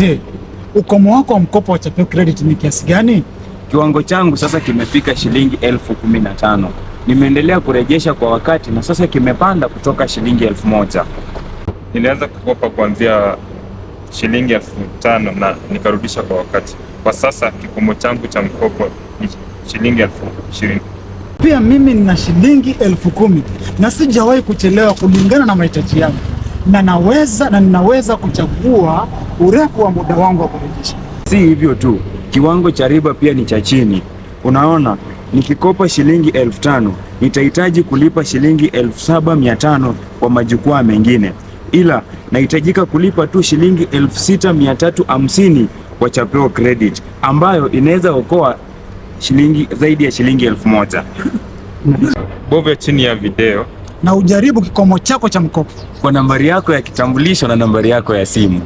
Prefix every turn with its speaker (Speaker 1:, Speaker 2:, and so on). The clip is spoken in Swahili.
Speaker 1: Je, ukomo wako wa mkopo wa Chapeo Credit ni kiasi gani?
Speaker 2: Kiwango changu sasa kimefika shilingi elfu kumi na tano. Nimeendelea kurejesha kwa wakati na sasa kimepanda kutoka shilingi elfu moja.
Speaker 3: Nilianza kukopa kuanzia shilingi elfu tano na nikarudisha kwa wakati. Kwa sasa kikomo changu cha mkopo ni shilingi elfu ishirini.
Speaker 1: Pia mimi nina shilingi elfu kumi na sijawahi kuchelewa kulingana na mahitaji yangu na naweza na ninaweza kuchagua urefu wa muda wangu wa kurejesha.
Speaker 2: Si hivyo tu, kiwango cha riba pia ni cha chini. Unaona, nikikopa shilingi elfu tano nitahitaji kulipa shilingi elfu saba mia tano kwa majukwaa mengine, ila nahitajika kulipa tu shilingi elfu sita mia tatu hamsini kwa Chapeo Credit ambayo inaweza okoa shilingi zaidi ya shilingi elfu moja.
Speaker 3: Bovya chini ya video
Speaker 1: na ujaribu kikomo chako cha mkopo
Speaker 2: kwa nambari yako ya kitambulisho na nambari yako ya simu.